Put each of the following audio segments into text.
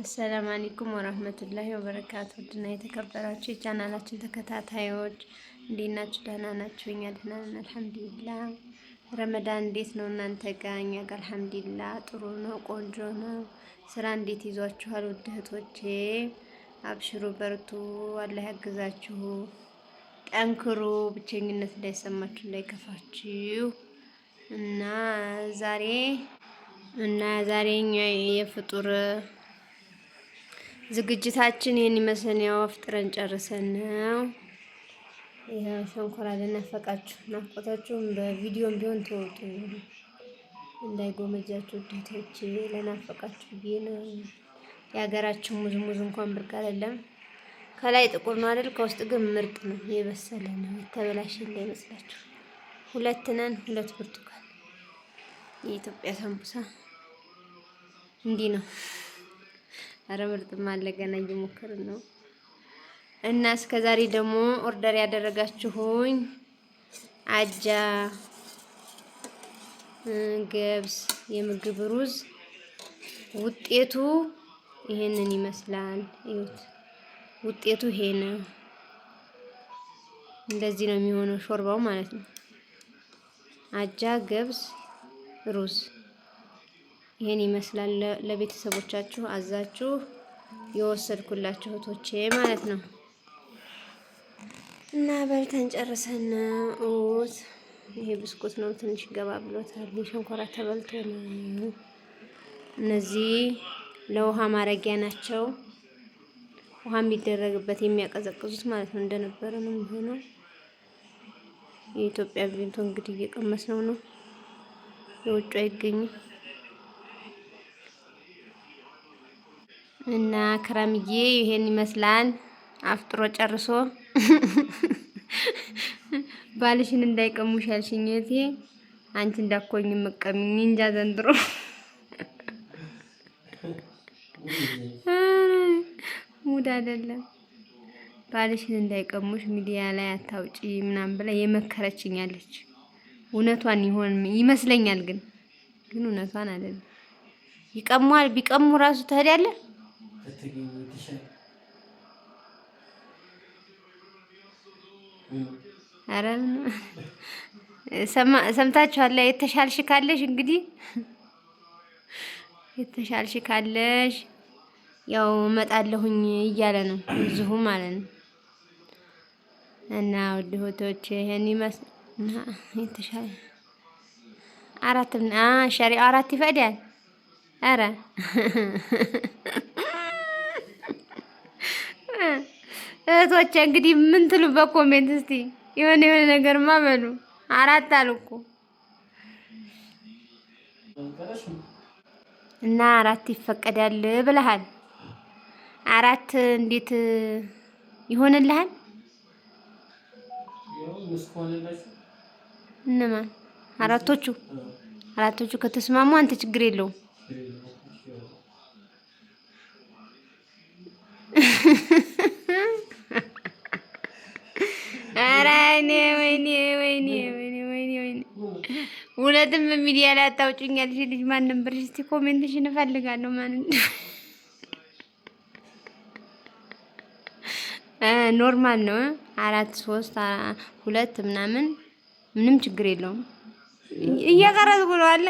አሰላም አለይኩም ወራህመቱላሂ ወበረካቱ። ውድና የተከበራችሁ የቻናላችን ተከታታዮች እንዴት ናችሁ? ደህና ናችሁ? እኛ ደህና ነን አልሐምዱሊላህ። ረመዳን እንዴት ነው እናንተ ጋር? እኛ ጋር አልሐምዱሊላህ ጥሩ ነው፣ ቆንጆ ነው። ስራ እንዴት ይዟችኋል? ውድ እህቶቼ አብሽሩ፣ በርቱ፣ አላህ ያግዛችሁ፣ ጠንክሩ፣ ብቸኝነት እንዳይሰማችሁ፣ እንዳይከፋችሁ እና ዛሬ እና ዛሬ የፍጡር ዝግጅታችን ይህን ይመስለን። ያው አፍጥረን ጨርሰን ነው። ሸንኮራ ለናፈቃችሁ ናፍቆታችሁም በቪዲዮም ቢሆን ተወጡ እንዳይጎመጃችሁ ውዴቶች፣ ለናፈቃችሁ ብዬ ነው። የሀገራችን ሙዝ ሙዝ እንኳን ብርቅ አይደለም። ከላይ ጥቁር ነው አይደል? ከውስጥ ግን ምርጥ ነው፣ የበሰለ ነው። የተበላሸ እንዳይመስላችሁ። ሁለት ነን፣ ሁለት ብርቱካን የኢትዮጵያ ሰንቡሳ እንዲህ ነው። ኧረ ምርጥም አለ ገና እየሞከርን ነው። እና እስከ ዛሬ ደግሞ ኦርደር ያደረጋችሁኝ አጃ፣ ገብስ፣ የምግብ ሩዝ ውጤቱ ይሄንን ይመስላል። እዩት፣ ውጤቱ ይሄ ነው። እንደዚህ ነው የሚሆነው ሾርባው ማለት ነው። አጃ፣ ገብስ፣ ሩዝ ይህን ይመስላል። ለቤተሰቦቻችሁ አዛችሁ የወሰድኩላችሁ እህቶቼ ማለት ነው እና በልተን ጨርሰን ኦት ይሄ ብስኩት ነው። ትንሽ ገባ ብሎታል። ሸንኮራ ተበልቶ ነው። እነዚህ ለውሃ ማረጊያ ናቸው። ውሃ የሚደረግበት የሚያቀዘቅዙት ማለት ነው። እንደነበረ ነው የሚሆነው። የኢትዮጵያ ቪንቶ እንግዲህ እየቀመስ ነው ነው የውጭ አይገኝም። እና ክረምዬ ይሄን ይመስላል። አፍጥሮ ጨርሶ ባልሽን እንዳይቀሙሽ ያልሽኝ እህቴ፣ አንቺ እንዳኮኝ መቀሚኝ እንጃ ዘንድሮ ሙድ አይደለም። ባልሽን እንዳይቀሙሽ ሚዲያ ላይ አታውጪ ምናምን ብላ የመከረችኝ አለች። እውነቷን ይሆን ይመስለኛል፣ ግን ግን እውነቷን አይደለም። ይቀሟል። ቢቀሙ ራሱ ትሄዳለህ ልትገኙ ትችላል። ኧረ ሰምታችኋል። የተሻልሽ ካለሽ እንግዲህ የተሻልሽ ካለሽ ያው መጣለሁኝ እያለ ነው እዚሁ ማለት ነው። እና ውድ እህቶቼ ይሄን ይመስል የተሻለ አራት ሸሪዓው አራት ይፈዳል። ኧረ እህቶቼ እንግዲህ ምን ትሉ በኮሜንት እስቲ የሆነ የሆነ ነገር ማመኑ አራት አልኩ እና አራት ይፈቀዳል ብለሃል። አራት እንዴት ይሆንልሃል? እነማን አራቶቹ አራቶቹ ከተስማሙ አንተ ችግር የለውም። የትም ሚዲያ ላይ አታውጭኝ ያልሽ ልጅ ማን ነበር? እስቲ ኮሜንትሽን እፈልጋለሁ። ማን ኖርማል ነው። አራት ሶስት ሁለት ምናምን ምንም ችግር የለውም። እየቀረጽኩ ነው አለ።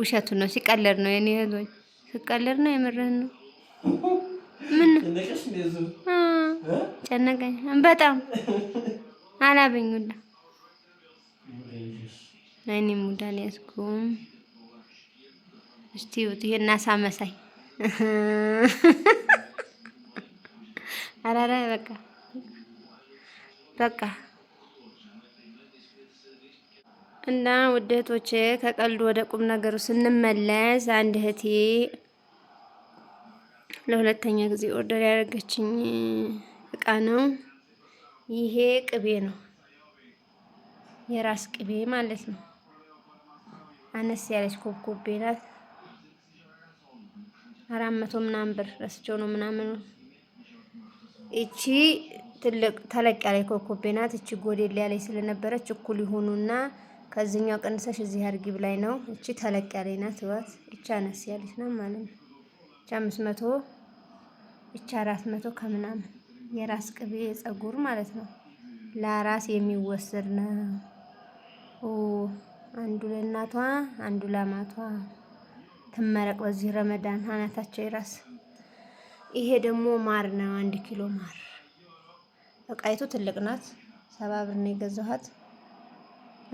ውሸቱ ነው፣ ሲቀለድ ነው። የኔ እህቶች ሲቀለድ ነው። የምርህን ነው። ምን ጨነቀኝ በጣም አላበኙላ እኔ ሙዳ ሊያስኩም እስቲ ውጥ ይሄና ሳመሳይ አራራ በቃ በቃ እና ውድ እህቶቼ ከቀልዱ ወደ ቁም ነገሩ ስንመለስ አንድ እህቴ ለሁለተኛ ጊዜ ኦርደር ያደረገችኝ እቃ ነው። ይሄ ቅቤ ነው፣ የራስ ቅቤ ማለት ነው። አነስ ያለች ኮብኮቤ ናት። አራት መቶ ምናምን ብር ረስቸው ነው ምናምን። እቺ ትልቅ ተለቅ ያለ ኮብኮቤ ናት። እቺ ጎዴል ያለች ስለነበረች እኩል ይሆኑና ከዚህኛው ቀንሰሽ እዚህ አድርጊ ላይ ነው። እቺ ተለቅ ያለ ናት። ወት እቺ አነስ ያለች ናት ማለት ነው። እቺ አምስት መቶ እቺ አራት መቶ ከምናምን የራስ ቅቤ ፀጉር ማለት ነው። ለራስ የሚወሰድ ነው። ኦ አንዱ ለእናቷ አንዱ ለማቷ ትመረቅ በዚህ ረመዳን አናታቸው የራስ ይሄ ደግሞ ማር ነው። አንድ ኪሎ ማር እቃይቱ ትልቅ ናት። ሰባ ብር ነው የገዛኋት፣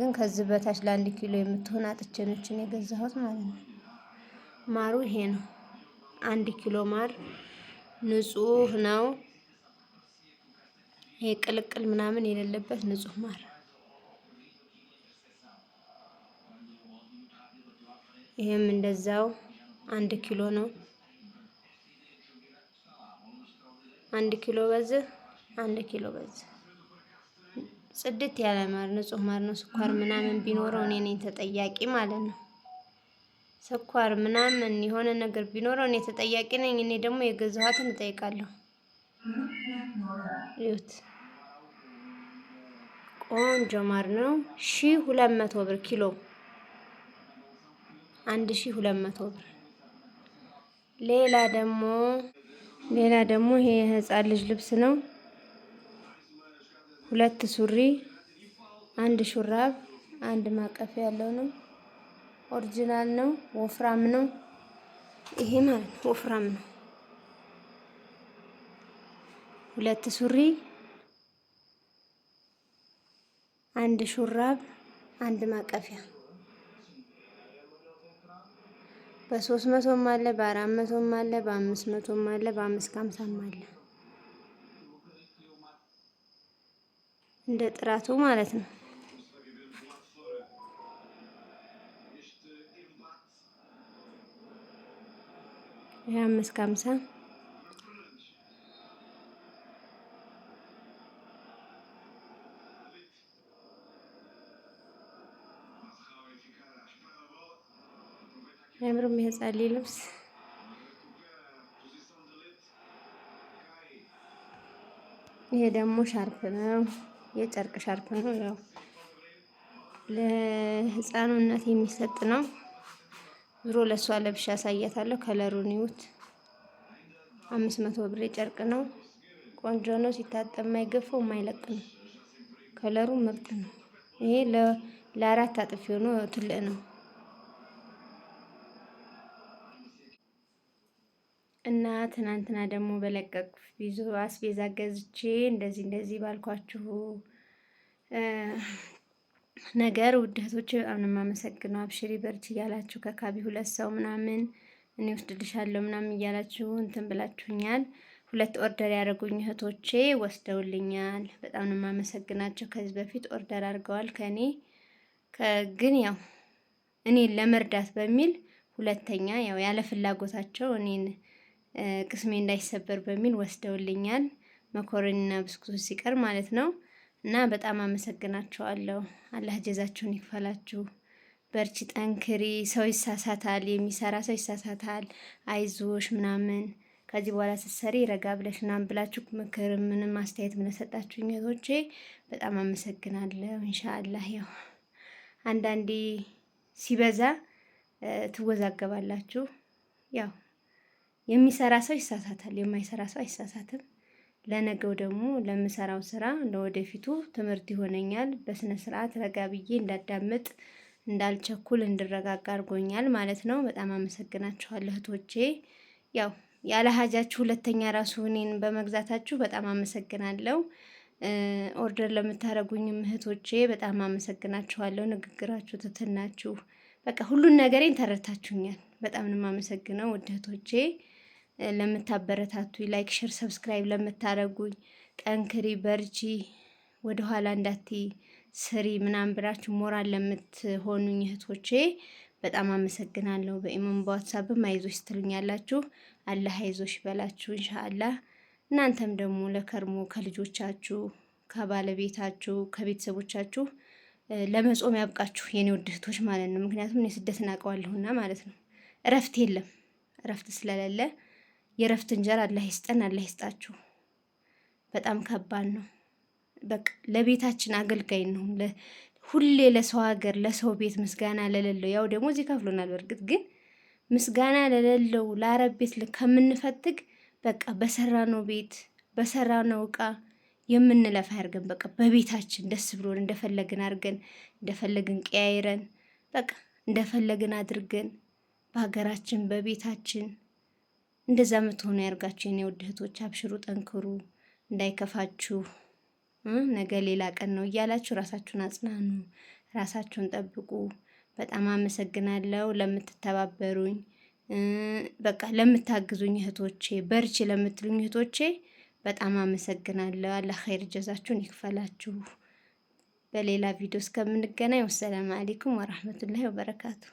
ግን ከዚህ በታች ለአንድ ኪሎ የምትሆን አጥቸኖችን የገዛሁት ማለት ነው። ማሩ ይሄ ነው። አንድ ኪሎ ማር ንጹህ ነው። ይሄ ቅልቅል ምናምን የሌለበት ንጹህ ማር ይህም እንደዛው አንድ ኪሎ ነው። አንድ ኪሎ በዚህ አንድ ኪሎ በዚህ ጽድት ያለ ማር ንጹህ ማር ነው። ስኳር ምናምን ቢኖረው እኔ ነኝ ተጠያቂ ማለት ነው። ስኳር ምናምን የሆነ ነገር ቢኖረው እኔ ተጠያቂ ነኝ። እኔ ደግሞ የገዛኋትን እጠይቃለሁ። ይሁት ቆንጆ ማር ነው። ሺህ ሁለት መቶ ብር ኪሎ፣ አንድ ሁለት መቶ ብር። ሌላ ደግሞ ሌላ ደግሞ ይሄ የህፃን ልጅ ልብስ ነው። ሁለት ሱሪ፣ አንድ ሹራብ፣ አንድ ማቀፍ ያለው ነው። ኦሪጂናል ነው። ወፍራም ነው። ይሄ ማለት ወፍራም ነው። ሁለት ሱሪ አንድ ሹራብ፣ አንድ ማቀፊያ በሶስት መቶም አለ፣ በአራት መቶም አለ፣ በአምስት መቶም አለ፣ በአምስት ከሀምሳም አለ። እንደ ጥራቱ ማለት ነው። የአምስት ከሀምሳ አያምርም የህፃሌ ልብስ። ይሄ ደግሞ ሻርፕ ነው፣ የጨርቅ ሻርፕ ነው። ያው ለህፃኑ እናት የሚሰጥ ነው። ዙሮ ለእሷ ለብሻ አሳያታለሁ። ከለሩን ይዩት። አምስት መቶ ብር የጨርቅ ነው። ቆንጆ ነው። ሲታጠብ የማይገፋው የማይለቅ ነው። ከለሩ ምርጥ ነው። ይሄ ለአራት አጥፊ ሆኖ ትልቅ ነው። እና ትናንትና ደግሞ በለቀቅ ይዞ አስቤዛ ገዝቼ እንደዚህ እንደዚህ ባልኳችሁ ነገር ውደቶች በጣም ነው የማመሰግነው። አብሽሪ በርች እያላችሁ ከካቢ ሁለት ሰው ምናምን እኔ ወስድልሻለሁ ምናምን እያላችሁ እንትን ብላችሁኛል። ሁለት ኦርደር ያደረጉኝ እህቶቼ ወስደውልኛል። በጣም ነው የማመሰግናቸው። ከዚህ በፊት ኦርደር አድርገዋል ከእኔ ግን ያው እኔን ለመርዳት በሚል ሁለተኛ ያው ያለ ፍላጎታቸው እኔን ቅስሜ እንዳይሰበር በሚል ወስደውልኛል። መኮረኒና ብስኩቶች ሲቀር ማለት ነው። እና በጣም አመሰግናችኋለሁ። አላህ ጀዛችሁን ይክፈላችሁ። በርቺ፣ ጠንክሪ። ሰው ይሳሳታል፣ የሚሰራ ሰው ይሳሳታል። አይዞሽ ምናምን ከዚህ በኋላ ስትሰሪ ረጋ ብለሽ ምናምን ብላችሁ ምክር፣ ምንም አስተያየት ምንሰጣችሁ እህቶቼ በጣም አመሰግናለሁ። ኢንሻአላህ ያው አንዳንዴ ሲበዛ ትወዛገባላችሁ ያው የሚሰራ ሰው ይሳሳታል፣ የማይሰራ ሰው አይሳሳትም። ለነገው ደግሞ ለምሰራው ስራ ለወደፊቱ ትምህርት ይሆነኛል። በስነ ስርዓት ረጋ ብዬ እንዳዳምጥ እንዳልቸኩል እንድረጋጋ አድርጎኛል ማለት ነው። በጣም አመሰግናችኋለሁ እህቶቼ። ያው ያለ ሀጃችሁ ሁለተኛ ራሱ እኔን በመግዛታችሁ በጣም አመሰግናለሁ። ኦርደር ለምታደርጉኝም እህቶቼ በጣም አመሰግናችኋለሁ። ንግግራችሁ፣ ትትናችሁ፣ በቃ ሁሉን ነገሬን ተረድታችሁኛል። በጣም ነው የማመሰግነው ውድ እህቶቼ። ለምታበረታቱኝ፣ ላይክ፣ ሼር፣ ሰብስክራይብ ለምታደርጉኝ ጠንክሪ፣ በርቺ፣ ወደኋላ እንዳትይ ስሪ ምናምን ብላችሁ ሞራል ለምትሆኑኝ እህቶቼ በጣም አመሰግናለሁ። በኢሞን በዋትሳፕም አይዞሽ ትሉኛላችሁ። አላህ አይዞሽ በላችሁ ኢንሻአላህ። እናንተም ደግሞ ለከርሞ ከልጆቻችሁ፣ ከባለቤታችሁ፣ ከቤተሰቦቻችሁ ለመጾም ያብቃችሁ የኔ ውድ እህቶች ማለት ነው። ምክንያቱም እኔ ስደትን አውቀዋለሁና ማለት ነው። እረፍት የለም እረፍት ስለሌለ የእረፍት እንጀራ አላህ ይስጠን፣ አላህ ይስጣችሁ። በጣም ከባድ ነው። በቃ ለቤታችን አገልጋይ ነው። ሁሌ ለሰው ሀገር ለሰው ቤት ምስጋና ለሌለው ያው ደግሞ እዚህ ከፍሎናል። በእርግጥ ግን ምስጋና ለሌለው ለአረብ ቤት ከምንፈትግ በቃ በሰራነው ቤት በሰራነው እቃ የምንለፋ አድርገን በቃ በቤታችን ደስ ብሎን እንደፈለግን አድርገን እንደፈለግን ቀያይረን በቃ እንደፈለግን አድርገን በሀገራችን በቤታችን እንደዛ ምትሆኑ ያርጋችሁ የኔ ውድ እህቶች፣ አብሽሩ፣ ጠንክሩ፣ እንዳይከፋችሁ ነገ ሌላ ቀን ነው እያላችሁ ራሳችሁን አጽናኑ፣ ራሳችሁን ጠብቁ። በጣም አመሰግናለሁ ለምትተባበሩኝ፣ በቃ ለምታግዙኝ እህቶቼ፣ በርቺ ለምትሉኝ እህቶቼ በጣም አመሰግናለሁ። አላህ ኸይር ጀዛችሁን ይክፈላችሁ። በሌላ ቪዲዮ እስከምንገናኝ ወሰላም አሌይኩም ወራህመቱላሂ ወበረካቱሁ።